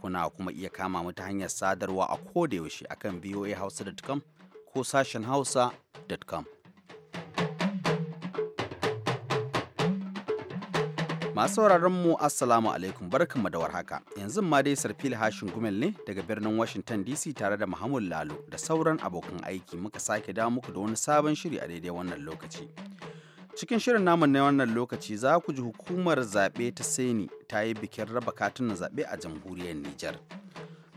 kuna kuma iya kama mu ta hanyar sadarwa a ko da kodayaushe akan voahausa.com ko sashen hausa.com. Masu sauraron mu Assalamu alaikum barkanmu da warhaka. Yanzu ma dai Sarfil Hashin Gumel ne daga birnin Washington DC tare da Muhammad Lalo da sauran abokan aiki muka sake damu muku da wani sabon shiri a daidai wannan lokaci. cikin shirin namu na wannan lokaci za ku ji hukumar zaɓe ta Saini ta yi bikin raba katunan zaɓe a jamhuriyar nijar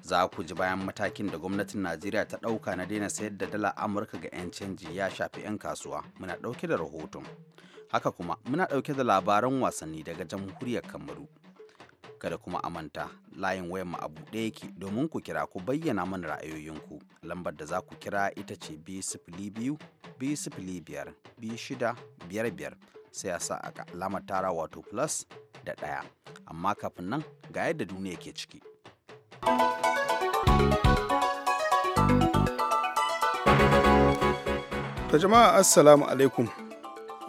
za ku ji bayan matakin da gwamnatin najeriya ta ɗauka na daina sayar da dala amurka ga 'yan canji ya shafi 'yan kasuwa muna ɗauke da rahoton haka kuma muna ɗauke da labaran wasanni daga jamhuriyar kamaru kada kuma a manta layin wayar mu a buɗe yake domin ku kira ku bayyana mana ra'ayoyinku lambar da za ku kira ita ce b biyu b biyar b shida biyar biyar sai a sa alamar tara wato plus da ɗaya amma kafin nan ga yadda duniya ke ciki ta jama'a assalamu alaikum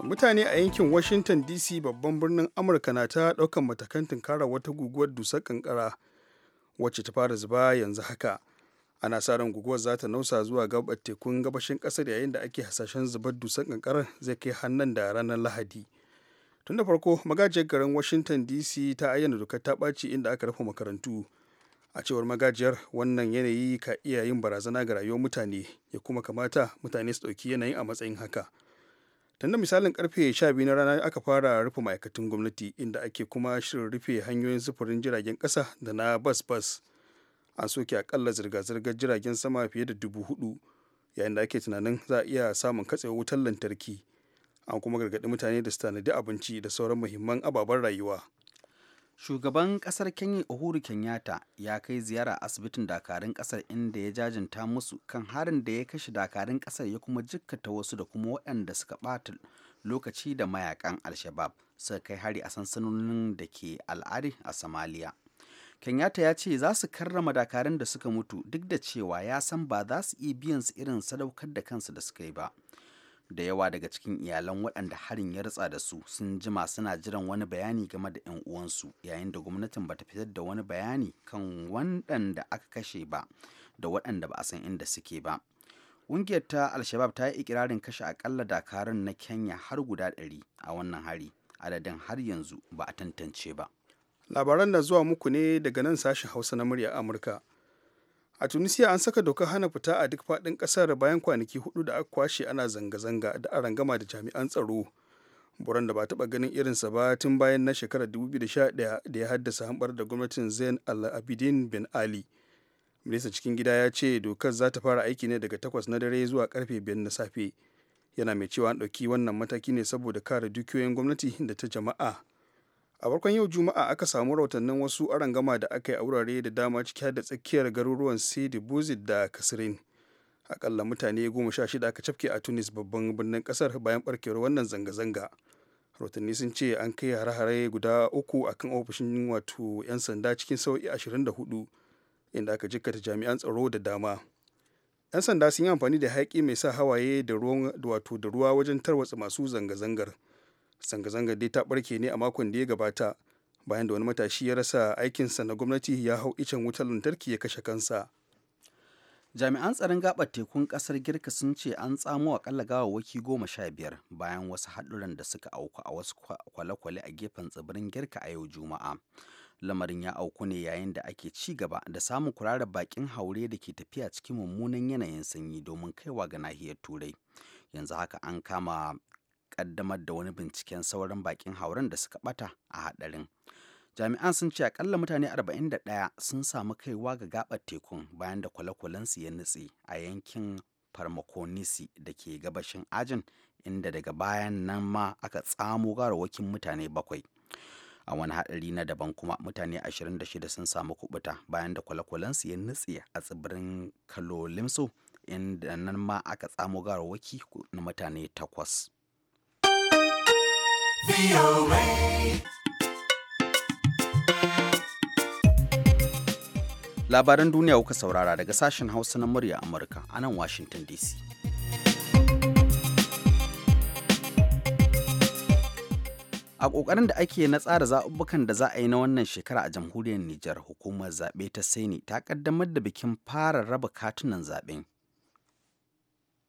mutane a yankin washington dc babban birnin amurka na ta daukan matakan tunkara wata guguwar dusar kankara wacce ta fara zuba yanzu haka ana sa ran guguwar za ta nausa zuwa gabar tekun gabashin kasar yayin da ake hasashen zubar dusar kankarar zai kai hannun da ranar lahadi tun da farko magajiyar garin washington dc ta ayyana dokar ta ɓaci inda aka rufe makarantu a cewar magajiyar wannan yanayi ka iya yin barazana ga rayuwar mutane ya kuma kamata mutane su ɗauki yanayin a matsayin haka tunda misalin karfe 12 na rana aka fara rufe ma'aikatan gwamnati inda ake kuma shirin rufe hanyoyin sufurin jiragen ƙasa da na bas-bas an soke akalla zirga-zirgar jiragen sama fiye da dubu hudu yayin da ake tunanin za a iya samun katsewar wutar lantarki an kuma gargaɗi mutane da su tanadi abinci da sauran muhimman ababen rayuwa shugaban kasar kenya uhuru kenyatta ya kai ziyara asibitin dakarun kasar inda ya jajinta musu kan harin da ya kashe dakarun kasar ya kuma jikkata wasu da kuma waɗanda suka ɓata lokaci da mayakan alshabab suka kai hari a sansanonin da ke al'adi a somalia kenyatta ya ce za su karrama dakarun da suka mutu duk da cewa ya san ba za su iya biyan su irin sadaukar da kansu da suka yi ba da yawa daga cikin iyalan waɗanda harin ya ritsa da su sun jima suna jiran wani bayani game da 'yan uwansu yayin da gwamnatin bata fitar da wani bayani kan waɗanda aka kashe ba da waɗanda ba a san inda suke ba ƙungiyar ta alshabab ta yi ikirarin kashe akalla dakarun na kenya har guda ɗari a wannan hari adadin har yanzu ba a tantance ba labaran na zuwa muku ne daga nan sashen hausa na murya amurka a tunisia an saka dokar hana fita a duk faɗin ƙasar bayan kwanaki hudu da aka kwashe ana zanga-zanga da a rangama da jami'an tsaro buran da ba taba ganin irin sa ba tun bayan na shekarar 2011 da ya haddasa hambar da gwamnatin zain al-abidin ben ali ministan cikin gida ya ce dokar za ta fara aiki ne daga takwas na dare zuwa karfe biyar na safe yana mai cewa an ɗauki wannan mataki ne saboda kare dukiyoyin gwamnati da ta jama'a a farkon yau juma'a aka samu rahotannin wasu arangama da aka yi a wurare da dama ciki da tsakiyar garuruwan sidi buzid da kasirin akalla mutane goma sha shida aka cafke a tunis babban birnin kasar bayan barkewar wannan zanga-zanga rahotanni sun ce an kai hare-hare guda uku akan ofishin wato 'yan sanda cikin sau'i 24 inda aka jikkata jami'an tsaro da dama 'yan sanda sun yi amfani da hayaƙi mai sa hawaye da ruwa wajen tarwatsa masu zanga-zangar zanga-zangar dai ta barke ne a makon da ya gabata bayan da wani matashi ya rasa aikinsa na gwamnati ya hau icen wutar lantarki ya kashe kansa jami'an tsaron gabar tekun kasar girka sun ce an tsamo a akalla gawawwaki goma sha biyar bayan wasu haɗuran da suka auku a wasu kwale-kwale a gefen tsibirin girka a yau juma'a lamarin ya auku ne yayin da ake ci gaba da samun kurara bakin haure da ke tafiya cikin mummunan yanayin sanyi domin kaiwa ga nahiyar turai yanzu haka an kama kaddamar da wani binciken sauran bakin hauren da suka bata a hadarin. Jami'an sun ce akalla mutane 41 sun samu kaiwa ga gabar tekun bayan da kwale-kwalensu ya nutse a yankin Farmakonisi da ke gabashin ajin inda daga bayan nan ma aka tsamo garawakin mutane bakwai. a wani haɗari na daban kuma mutane 26 sun samu kubuta bayan da kwale-kwalensu ya nutse a tsibirin kalolimso inda nan ma aka tsamo garawaki na mutane takwas Labaran duniya kuka saurara daga sashen Hausa na murya Amurka a nan Washington DC. a ƙoƙarin da ake na tsara zaɓuɓɓukan da za a yi na wannan shekara a jamhuriyar Nijar hukumar zaɓe ta saini, ta ƙaddamar da bikin fara raba katunan zaɓen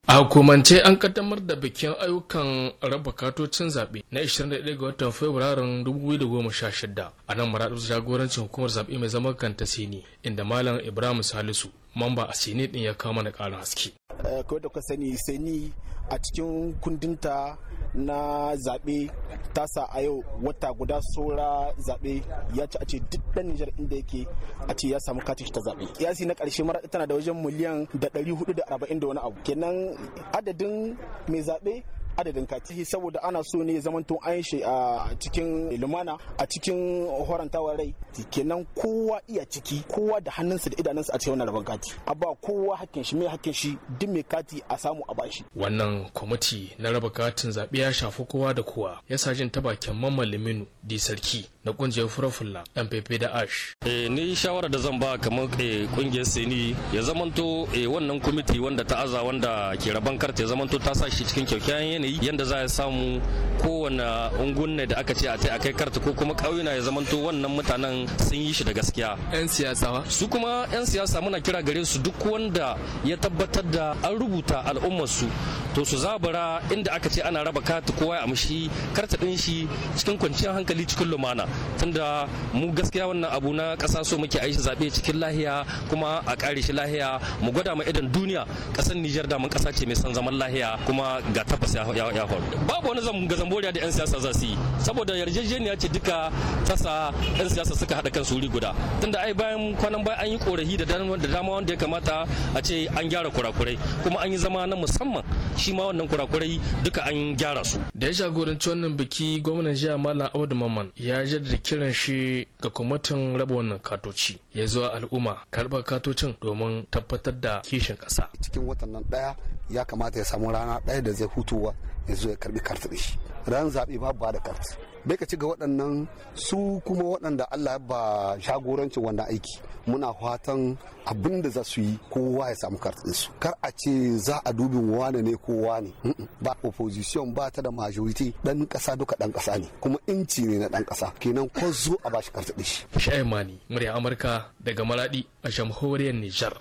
A hukumance an kaddamar da bikin ayyukan raba katocin zaɓe na 21 ga watan Fabrairun 2016 a nan maraɗar jagorancin hukumar zaɓe mai zaman kanta Sini inda Malam Ibrahim Salisu mamba a Sini ɗin ya kama na ƙarin haske. Eh, kawai da kuka sani ni a cikin kundinta na zaɓe tasa a yau wata guda saura zaɓe ya ci a ce duk ɗan nijar inda yake a ce ya samu katin ta zaɓe kiyasi na ƙarshe mara tana da wajen miliyan da ɗari hudu da arba'in da wani abu kenan adadin mai zaɓe adadin kati saboda ana so ne zamanto an shi a cikin lumana a cikin horantawa rai kenan kowa iya ciki kowa da hannunsa da idanunsa a cikin wannan rabon kati a ba kowa hakkin shi mai hakkin shi duk mai kati a samu a bashi wannan kwamiti na raba katin zaɓe ya shafi kowa da kowa ya sa jin ta bakin mamman liminu di sarki na kungiyar furofulla mpp da ash eh, ni shawara da zan ba kamar eh, kungiyar seni ya zamanto eh, wannan kwamiti wanda ta aza wanda ke raban karta ya zamanto ta sa shi cikin kyaukyawan yanayi yanda za a samu kowane ungunne da aka ce a kai karta ko kuma ƙauyuna ya zamanto wannan mutanen sun yi shi da gaskiya yan siyasa su kuma yan siyasa muna kira gare su duk wanda ya tabbatar da an rubuta al'ummar su to su zabura inda aka ce ana raba kati kowa ya amshi karta din shi cikin kwanciyar hankali cikin lumana tunda mu gaskiya wannan abu na ƙasa so muke aishi zabe cikin lahiya kuma a ƙare shi lahiya mu gwada ma idan duniya ƙasar Nijar da mun ƙasa ce mai son zaman lahiya kuma ga tabbas ya faru babu wani zamboriya da 'yan siyasa za su yi saboda yarjejeniya ce duka tasa 'yan siyasa suka haɗa kansu wuri guda tunda ai bayan kwanan bayan an yi korafi da dama wanda ya kamata a ce an gyara kurakurai kuma an yi zama na musamman shi ma wannan kurakurai duka an gyara su da ya jagoranci wannan biki gwamnan jiya malam audu mamman ya jaddada kiran shi ga kwamitin raba wannan katoci ya zuwa al'umma karɓar katocin domin tabbatar da kishin ƙasa cikin watan nan ɗaya ya kamata ya samu rana ɗaya da zai hutuwa ya zo ya karɓi kartar shi ran zaɓe ba ba da kartar bai ka ci ga waɗannan su kuma waɗanda Allah ya ba shagorancin wannan aiki muna fatan abin da za su yi kowa ya samu kartinsu kar a ce za a dubi wane ne kowa ne ba opposition ba ta da majority ɗan kasa duka ɗan ƙasa ne kuma inci ne na ɗan ƙasa kenan ko zo a bashi kartin shi shaimani murya amurka daga maradi a jamhuriyar nijar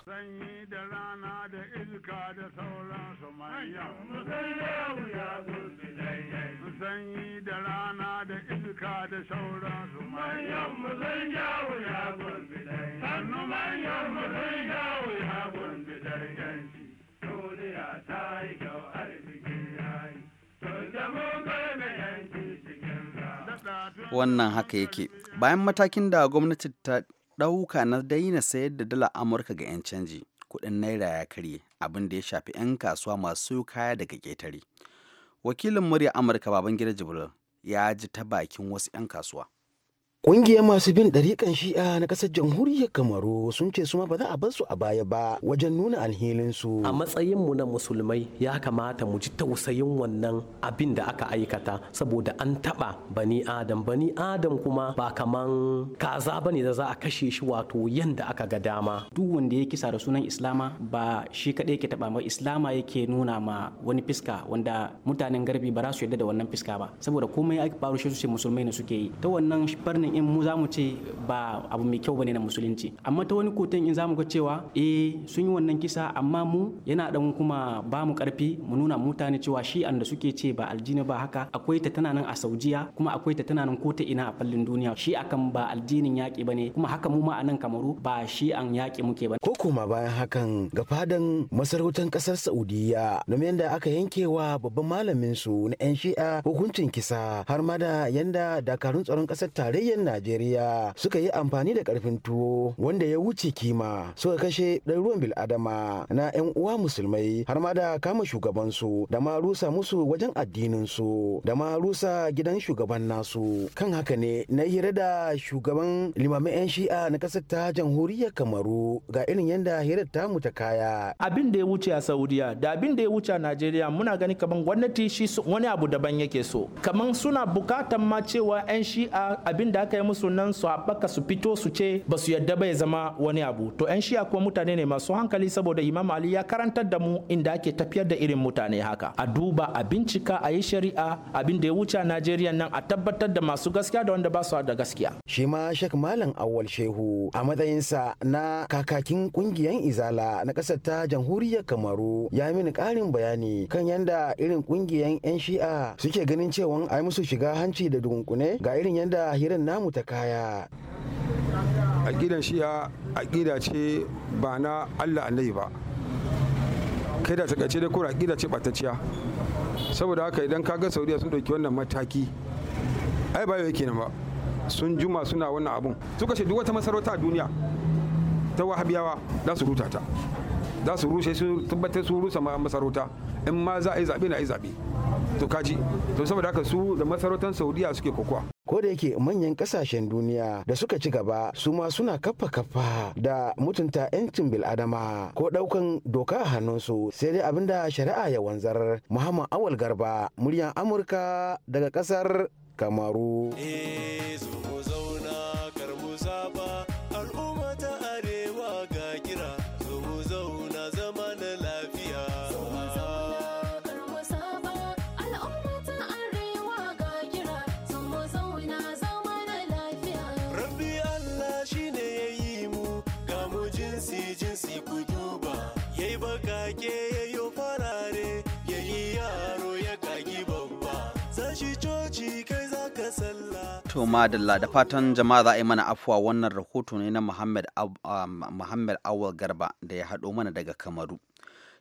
wannan haka yake bayan matakin da gwamnati ta ɗauka na daina sayar da dala amurka ga 'yan canji kuɗin naira ya karye abin da ya shafi 'yan kasuwa masu kaya daga ƙetare wakilin murya amurka babangida jibril ya ji ta bakin wasu 'yan kasuwa. Ƙungiyar masu bin ɗariƙan shi'a na ƙasar jamhuriyar Kamaru sun ce su ma ba za a bar su a baya ba wajen nuna su. A matsayinmu na musulmai ya kamata mu ji tausayin wannan abin da aka aikata saboda an taɓa bani Adam. Bani Adam kuma ba kaman kaza ba ne da za a kashe shi wato yanda aka ga dama. Duk wanda ya kisa da sunan Islama ba shi kaɗai ke taɓa ma Islama yake nuna ma wani fiska wanda mutanen garbi ba za su yarda da wannan fiska ba. Saboda komai ake faru shi su ce musulmai ne suke yi. Ta wannan farnin in mu za mu ce ba abu mai kyau bane na musulunci amma ta wani kotun in za mu ga cewa eh sun yi wannan kisa amma mu yana dan kuma ba mu karfi mu nuna mutane cewa shi da suke ce ba aljini ba haka akwai ta tana nan a saudiya kuma akwai ta tana nan ko ta ina a fallin duniya shi akan ba aljinin yaƙi bane kuma haka mu ma a nan kamaru ba shi an yaƙi muke ba ko koma bayan hakan ga fadan masarautar kasar Saudiya na yadda aka yankewa babban malamin su na 'yan shi'a hukuncin kisa har ma da yanda dakarun tsaron kasar tarayyar Najeriya suka yi amfani da karfin tuwo wanda ya wuce kima suka kashe ɗaruruwan bil'adama na 'yan uwa musulmai har ma da kama shugabansu da ma rusa musu wajen addinin su da ma rusa gidan shugaban nasu kan haka ne na hira da shugaban limamin 'yan shi'a na kasar ta jamhuriyar kamaru ga irin yadda hirar mu ta kaya abin da ya wuce a saudiya da abin da ya wuce a najeriya muna gani kaman gwamnati shi wani abu daban yake so kamar suna bukatan ma cewa 'yan shi'a abin da aka yi musu nan su haɓaka su fito su ce ba su yadda ya zama wani abu to 'yan shi'a kuma mutane ne masu hankali saboda imam ali ya karantar da mu inda ake tafiyar da irin mutane haka a duba a bincika a yi shari'a abin da ya wuce a najeriya nan a tabbatar da masu gaskiya da wanda ba su da gaskiya shi ma shek malam awwal shehu a matsayinsa na kakakin kungiyan izala na kasar ta jamhuriyar kamaru ya mini karin bayani kan yanda irin kungiyan yan shi'a suke ganin cewa ai musu shiga hanci da dukunkune ga irin yanda hirin namu ta kaya aƙidan shi'a aƙida ce ba na allah annabi ba kai da takaice da kura aƙida ce ɓatacciya saboda haka idan ka ga saudiya sun ɗauki wannan mataki ai ba yau nan ba sun juma suna wannan abun suka ce duk wata masarauta a duniya ta wahabiyawa za su ruta ta za su rushe su tabbatar su rusa masarauta in ma za a yi zaɓe na yi zaɓe to kaji to saboda haka su da masarautar saudiya suke kokowa ko da yake manyan kasashen duniya da suka ci gaba su ma suna kafa kafa da mutunta 'yancin bil'adama ko daukan doka a hannunsu sai dai abin da shari'a ya wanzar muhammad awal garba muryan amurka daga kasar kamaru eh, To madalla da fatan jama'a za a yi mana afuwa wannan rahoto ne na um, Muhammad, Awal Garba da ya haɗo mana daga Kamaru.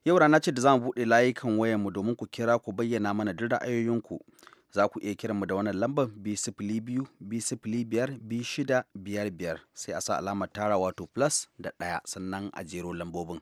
Yau rana ce da za mu buɗe layukan mu domin ku kira ku bayyana mana duk ra'ayoyinku. Za ku iya kiran mu da wannan lambar b sifili biyu b sifili biyar b shida biyar biyar sai a sa alamar tara wato plus da ɗaya sannan a jero lambobin.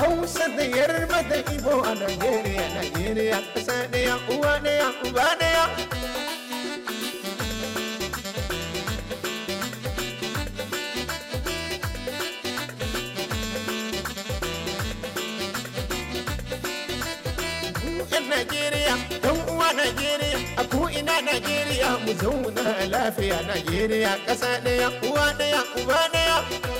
hausa da yarba da ibo a nigeria nigeria ƙasa ɗaya uwa ɗaya uba ɗaya Najeriya, uwa Najeriya, a ko'ina Najeriya, mu zauna lafiya Najeriya, ƙasa ɗaya, uwa ɗaya, uba ɗaya.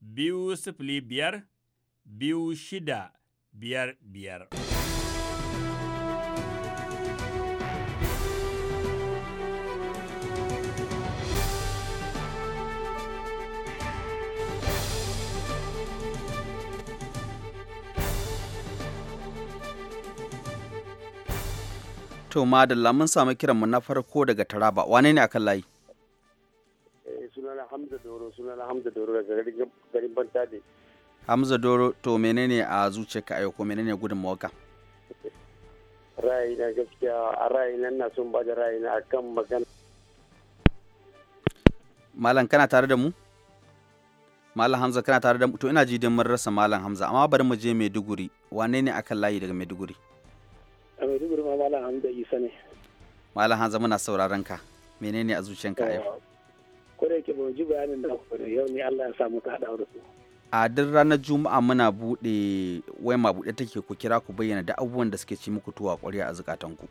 biyu sifili biyar biyu shida biyar biyar. To madalla mun samu kiranmu na farko daga Taraba wane ne akan layi? suna na Hamza Doro daga garin Bantade. Hamza Doro to menene a zuciya ka aiko menene gudun mawaka? Ra'ayi na gaskiya a ra'ayi nan na sun ba da ra'ayi na kan magana. Malam kana tare da mu? Malam Hamza kana tare da mu to ina ji din mun rasa Malam Hamza amma bari mu je Maiduguri wane ne akan layi daga Maiduguri? A Maiduguri ma Malam Hamza Isa ne. Malam Hamza muna sauraron ka menene a zuciyanka a yau? Ah, ko da yake ji bayanin da ku yau ne Allah ya samu ka haɗa da su a duk ranar juma'a muna buɗe wai ma buɗe take ku kira ku bayyana da abubuwan da suke ci muku tuwa ƙwarya a zukatan ku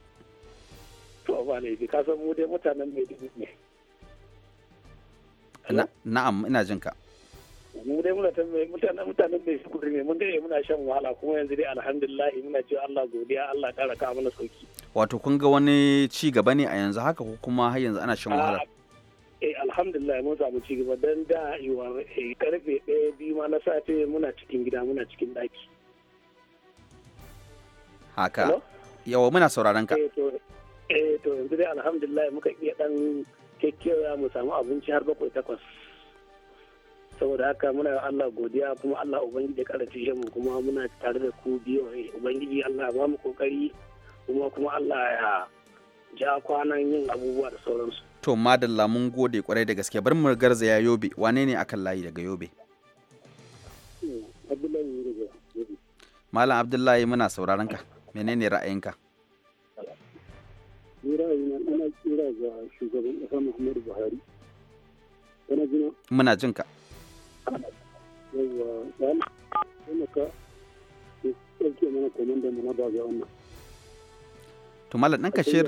to ba ne ji ka san mu dai mutanen mai dubu ne na'am ina jin ka mu dai muna mutanen mutanen mai dubu ne mun dai muna shan wahala kuma yanzu dai alhamdulillah muna ce Allah godiya Allah ƙara ka mana sauki wato kun ga wani ci gaba ne a yanzu haka ko kuma har yanzu ana shan wahala eh alhamdulillah mun samu ci gaba dan da yuwar eh, karfe ɗaya biyu ma na safe muna cikin gida muna cikin ɗaki. Haka. Yawa muna sauraron ka. Eh, eh to yanzu dai alhamdulillah muka iya dan kekkewa mu samu abinci har bakwai takwas. saboda haka muna yi Allah godiya kuma Allah Ubangiji ya kara cishe mu kuma muna tare da ku biyu Ubangiji Allah ba mu kokari kuma kuma Allah ya ja kwanan yin abubuwa da sauransu. to madalla mun gode kwarai da gaske bar mu garzaya yobe wane ne akan layi daga yobe malam abdullahi muna sauraron ka menene ra'ayinka ni ra'ayina muna jin ka ɗan to malam ɗan ka shir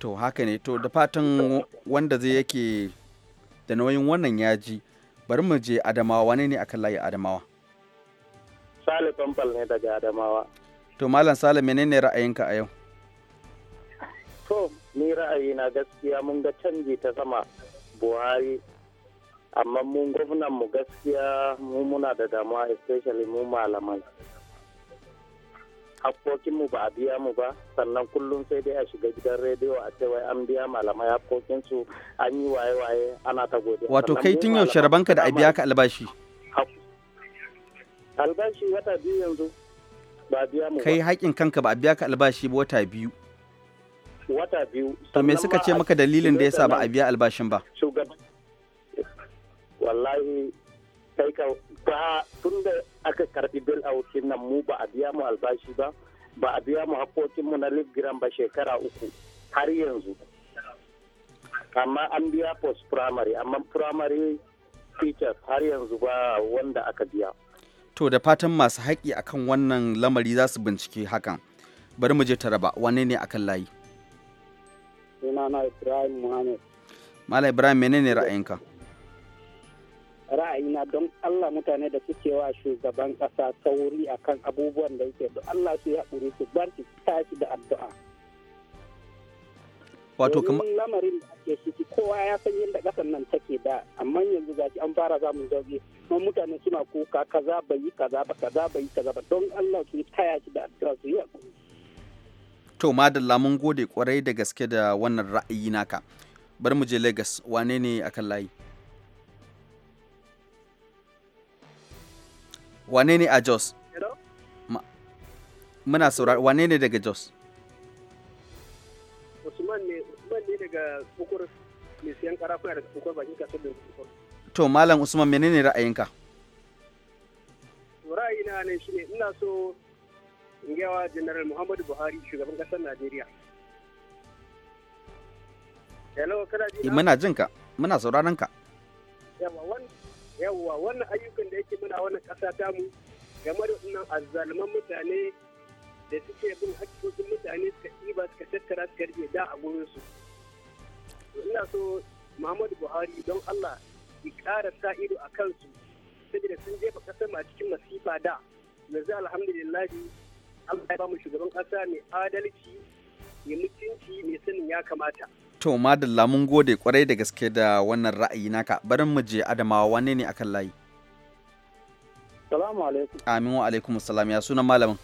to haka ne to da fatan wanda zai yake da nauyin wannan yaji bari mu je adamawa wane ne akan layi adamawa sale famfal ne daga adamawa to malam sale menene ra'ayinka a yau to ni ra'ayina gaskiya mun ga canji ta sama buhari amma mun gwamnan mu gaskiya mu muna da damuwa especially mu malamai hakkokinmu ba a biya mu ba sannan kullum sai dai a shiga gidan rediyo a ce wai an biya malamai hakkokinsu an yi waye-waye ana ta gode. Wato kai tun yaushe rabanka da a biya ka albashi? Albashi wata biyu yanzu ba a biya mu ba. Kai haƙin kanka ba a biya ka albashi ba wata biyu. Wata biyu. To me suka ce maka dalilin da yasa ba a biya albashin ba? Shugaban. Wallahi kai ka ba tun da aka karbi bil out nan mu ba a biya mu albashi ba ba a biya mu mu na libgiran ba shekara uku har yanzu amma an biya post primary amma primary teachers har yanzu ba wanda aka biya to da fatan masu haƙi akan wannan lamari za su bincike hakan bari mu je taraba wane ne akan layi sunana ibrahim muhammad mala ibrahim menene ra'ayinka ra'ayina don Allah mutane da suke wa shugaban ƙasa sauri akan abubuwan da yake da Allah su haƙuri su bar su tashi da addu'a. Wato kamar lamarin da ake ciki kowa ya san yadda ƙasar nan take da amma yanzu zaki an fara samun sauki kuma mutane suna kuka kaza bai yi kaza ba kaza bai yi kaza ba don Allah su taya shi da addu'a su yi To madalla mun gode kwarai da gaske da wannan ra'ayi naka. Bari mu je Lagos wane ne akan layi? wane ne a Jos? Muna saurari wane ne daga Jos? Usman ne, Usman ne daga kukur mai siyan karafuna daga kukur bakin kasar da kukur. To, Malam Usman mene ne ra'ayinka? Ra'ayina ne shi ne, ina so in gawa General Muhammadu Buhari shugaban kasar Najeriya. Hello, kana ji? Eh, muna jinka, muna sauraron ka. Yawa, wani yawwa wannan ayyukan da yake muna wannan ƙasa tamu game da wannan azzaluman mutane da suke bin hakkokin mutane suka ɗiba suka tattara suka rike da a Su ina so muhammadu buhari don allah ya ƙara sa ido a kansu saboda sun jefa ƙasar ma cikin masifa da yanzu alhamdulillah allah ya ba mu shugaban ƙasa mai adalci mai mutunci mai sanin ya kamata To madalla mun gode kwarai da gaske da wannan ra'ayi naka barin mu je Adamawa wanne ne akan layi? Salamu alaikum. Amin wa alaikum salam ya sunan malamin.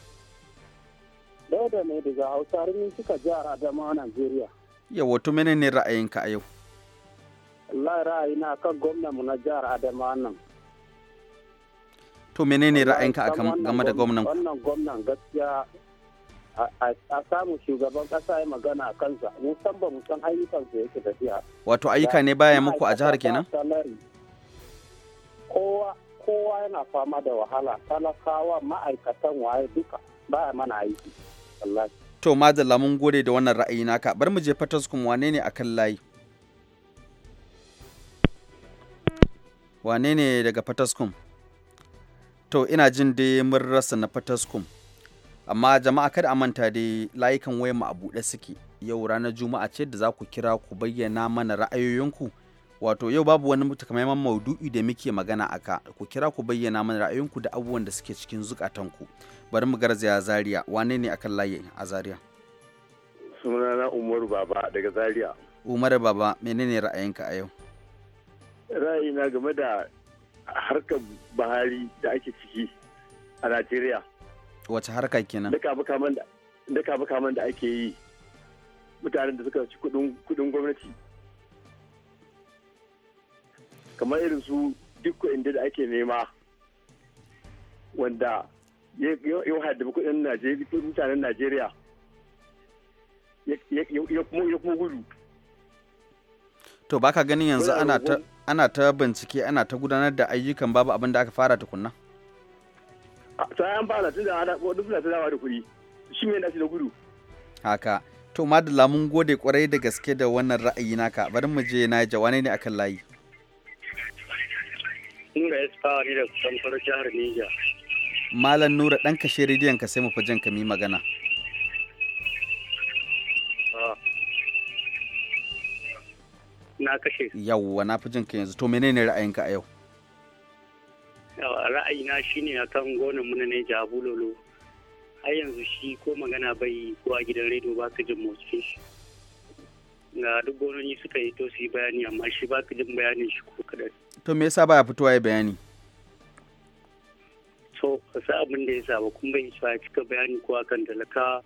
Dauda ne daga Hausa Rimin suka jihar Adamawa Najeriya. Yawa to menene ra'ayinka a yau? Allah ra'ayi na kan gwamnan mu na jihar Adamawa nan. To menene ra'ayinka akan game da gwamnan? Wannan gwamnan gaskiya a samu shugaban kasa ya magana a kansa musan ba musan ayyukansa yake tafiya wato ayyuka ne baya muku a jihar kenan kowa yana fama da wahala talakawa ma'aikatan waye duka baya mana aiki To to madalla mun gode da wannan ra'ayi naka bar mu je fatas kuma wane ne akan layi wane ne daga fataskum to ina jin dai mun rasa na fataskum amma jama'a kada a manta dai layukan wayar a buɗe suke yau ranar juma'a ce da za ku kira ku bayyana mana ra'ayoyinku wato yau babu wani takamaiman maudu'i da muke magana aka ku kira ku bayyana mana ra'ayoyinku da abubuwan da suke cikin zukatanku bari mu garzaya zaria wane ne akan layi a zaria sunana umar baba daga zaria umar baba menene ra'ayinka a yau ra'ayina game da harkar bahari da ake ciki a najeriya wace harka kenan da man da ake yi mutanen da suka ci kudin gwamnati kamar irin su duk inda da ake nema wanda ya haddabi kudin mutanen najeriya ya kuma gudu to baka ganin yanzu ana ta bincike ana ta gudanar da ayyukan babu abin da aka fara tukunna ta yi fara tun da ana duk na dawa da kuɗi shi ne na shi da gudu haka to madalla mun gode kwarai da gaske da wannan ra'ayi naka bari mu je na jawane ne akan layi Nura ya tsawa ni da samfar jihar nija. Malam Nura ɗan kashe rediyon ka sai mu fajin ka mi magana. Ah. Na kashe. Yawwa na fi jinka yanzu to menene ra'ayinka a yau? ra'ayina shine akan gonan muna ne jabu lolo har yanzu shi ko magana bai ko a gidan rediyo ba ka jin motsin shi ga duk gononi suka yi to su yi bayani amma shi ba ka jin bayanin shi ko kadan to me yasa baya fitowa ya bayani so sa abin da ya saba kun bai sa cika bayani ko akan talaka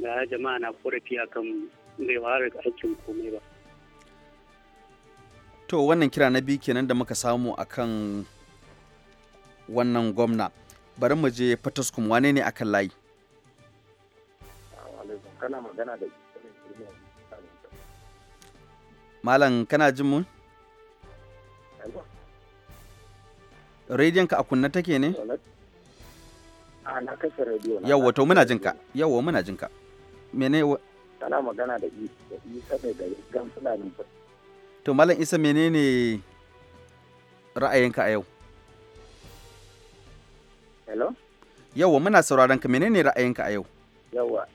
ga jama'a na korafi akan bai ga aikin komai ba to wannan kira na biyu kenan da muka samu akan wannan gwamna bari mu je fataskum wane ne akan layi malam kana jin mu rediyon ka a kunna take ne ah, na kashe to muna jinka ka. muna jinka mene magana da isa ne da gamsula ne to malam isa menene ra'ayinka a yau Hello? Yawwa muna sauraron ka menene ra'ayinka a yau? Yawwa.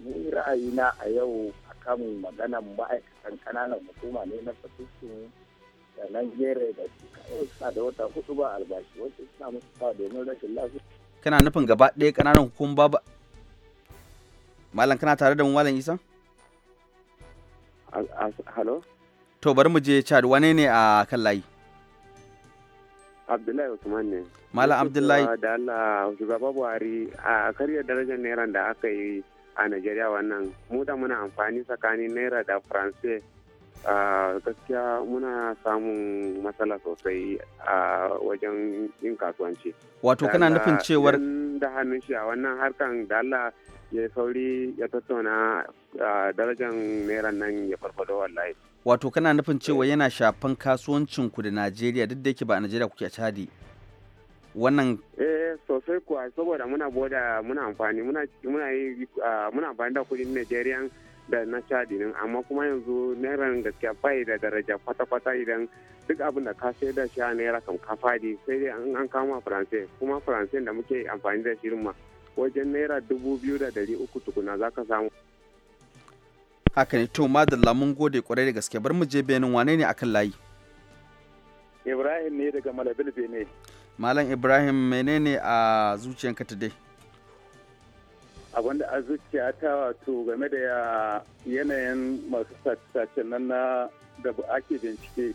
Ni ra'ayina a yau a akan maganan ma'aikatan kananan hukuma ne na fasikin da nan gere da su kawai suna da wata hudu ba albashi wasu suna musu kawo domin rashin lafiya. Kana nufin gaba ɗaya kananan hukuma ba ba. Malam kana tare da mu Malam Isa? Hello? To bari mu je Chad wane ne a kan layi? Abdullahi Usman ne. Mala Abdullahi. Da Allah shugaba Buhari a karya darajar naira da aka yi a Najeriya wannan mu da muna amfani tsakanin naira da France gaskiya muna samun matsala sosai a wajen yin kasuwanci. Wato kana nufin cewar da hannun shi a wannan harkan da Allah ya sauri ya tattauna darajar naira nan ya farfado wallahi. wato kana nufin cewa yana shafan kasuwancin ku da najeriya duk da yake ba a najeriya kuke a chadi wannan eh sosai kuwa saboda muna boda muna amfani muna muna yi muna amfani da kudin najeriya da na chadi din amma kuma yanzu naira gaskiya bai da daraja kwata-kwata idan duk abin da ka sayar da shi a naira kam ka fadi sai dai an kama faransai kuma faransai da muke amfani da shi ma wajen naira dubu biyu da dari uku tukuna za ka samu haka ne to madalla mun gode kwarai da gaske bar mu je benin wane ne akan layi ibrahim ne daga malabil bene malam ibrahim menene a zuciyanka today da a zuciya ta wato game da yanayin masu sace nan na da ake bincike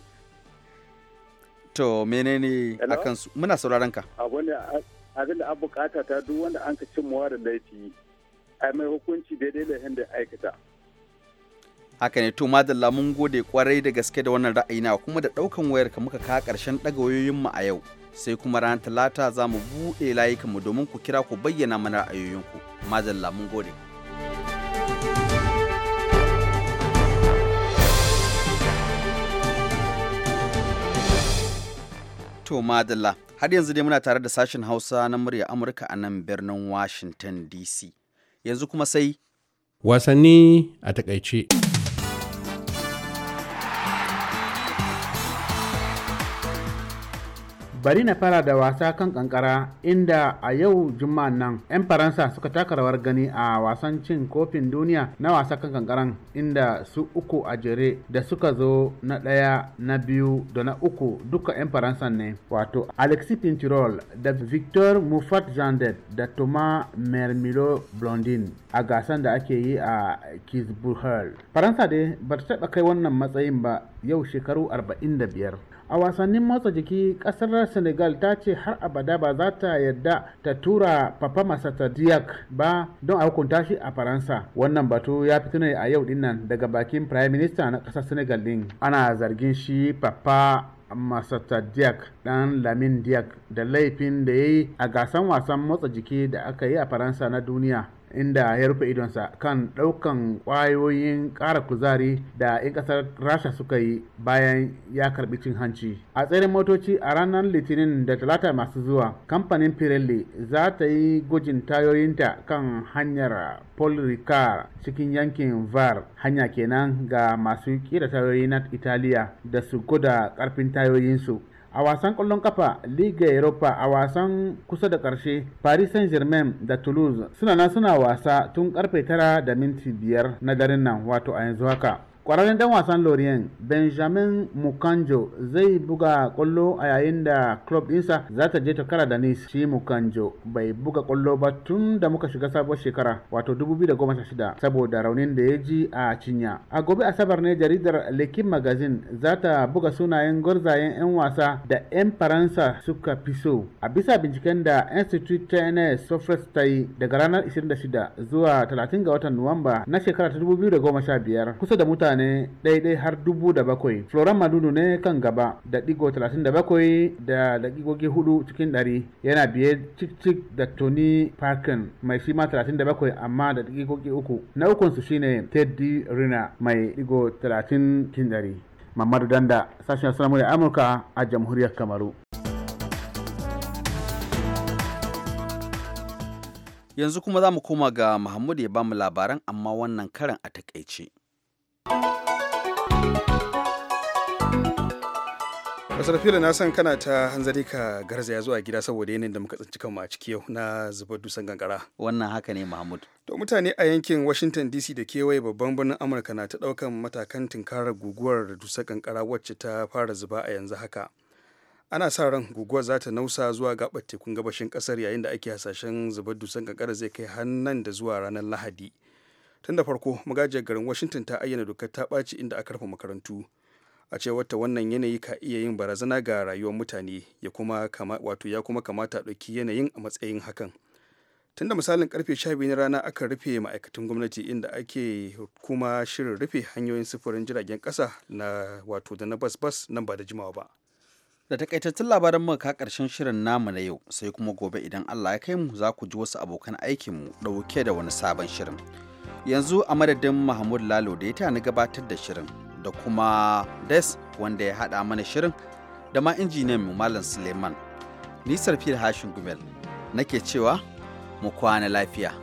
to menene a su. muna sauraron ka abin da bukata ta duk wanda an ka cimmawa da laifi a mai hukunci daidai da da aikata haka ne to madalla mun gode kwarai da gaske da wannan ra'ayi na kuma da ɗaukan wayar ka muka kawo ƙarshen ɗaga wayoyinmu a yau sai kuma ranar talata za mu bude buɗe mu domin ku kira ku bayyana mana ra'ayoyinku madalla mun gode. To Madalla, har yanzu dai muna tare da sashen Hausa na murya Amurka a nan birnin Washington DC. Yanzu kuma sai wasanni a takaice. bari na fara da wasa kan kankara inda a yau juma'an nan 'yan faransa suka taka rawar gani a wasan cin kofin duniya na wasa kan kankaran inda su uku a jere da suka zo na ɗaya na biyu da na uku duka 'yan faransa ne wato alexis pintirol da victor mufat jandet da thomas mermilo blondin a gasan da ake yi a kisbuhal faransa dai ba ta taɓa kai wannan matsayin ba yau shekaru 45 a wasannin motsa jiki kasar senegal ta ce har abada ba za ta yadda ta tura papa masata diak ba don a hukunta shi a faransa wannan batu ya fito ne a yau dinnan daga bakin prime minister na kasar senegal din ana zargin shi papa masata diak dan lamin diak da laifin da ya yi a gasan wasan motsa jiki da aka yi a faransa na duniya inda ya rufe idonsa kan ɗaukan ƙwayoyin ƙara kuzari da 'yan ƙasar rasha suka yi bayan ya karɓi cin hanci a tseren motoci a ranar litinin da talata masu zuwa kamfanin pirelli za ta yi gwajin tayoyinta kan hanyar paul ricard cikin yankin var hanya kenan ga masu ƙira tayoyi na italiya da su gwada ƙarfin tayoyinsu a wasan kwallon kafa liga europa a wasan kusa da ƙarshe paris saint germain da toulouse suna nan suna wasa tun karfe tara da minti biyar na daren nan wato a yanzu haka kwararren dan wasan lorient benjamin mukanjo zai buga kwallo a yayin da club ɗinsa za ta je ta kara da nice shi mukanjo bai buga kwallo ba tun da muka shiga sabuwar shekara wato 2016 saboda raunin da ya ji a cinya a gobe asabar ne jaridar lekin magazine za ta buga sunayen gwarzayen 'yan wasa da 'yan faransa suka fi so a bisa binciken da institute tns sofres ta yi daga ranar 26 zuwa 30 ga watan nuwamba na shekara 2015 kusa da mutane mutane ɗaiɗai har dubu da bakwai floran madudu ne kan gaba da ɗigo talatin da bakwai da daƙiƙoƙi hudu cikin ɗari yana biye cikcik da tony parkin mai shi ma talatin da bakwai amma da daƙiƙoƙi uku na ukunsu shine teddy rina mai ɗigo talatin cikin ɗari mamadu danda sashen asalamu da amurka a jamhuriyar kamaru yanzu kuma za mu koma ga mahmud ya bamu labaran amma wannan karan a takaice. masar na san kana ta hanzari ka garzaya zuwa gida saboda yanayin da muka tsinci kanmu a ciki yau na zubar dusan gangara wannan haka ne mahmud to mutane a yankin washington dc da kewaye babban birnin amurka na ta ɗaukan matakan tinkarar guguwar dusar kankara wacce ta fara zuba a yanzu haka ana sa ran guguwar za ta nausa zuwa gabar tekun gabashin ƙasar yayin da ake hasashen zubar dusan kankara zai kai hannan da zuwa ranar lahadi tun da farko magajiyar garin washington ta ayyana dokar ta ɓaci inda aka rufe makarantu a cewar ta wannan yanayi ka iya yin barazana ga rayuwar mutane ya kuma kama wato ya kuma kamata a ɗauki yanayin a matsayin hakan tun da misalin karfe 12 na rana aka rufe ma'aikatan gwamnati inda ake kuma shirin rufe hanyoyin sufurin jiragen kasa na wato da na bas bas nan ba da jimawa ba da takaitattun labaran muka karshen shirin namu na yau sai kuma gobe idan Allah ya kai mu za ku ji wasu abokan aikinmu ɗauke da wani sabon shirin. yanzu a madadin mahmud lalo da ya tani gabatar da shirin da kuma des wanda ya haɗa mana shirin da ma injiniyan mu malam suleiman nisar fil hashin gumel nake cewa mu kwana lafiya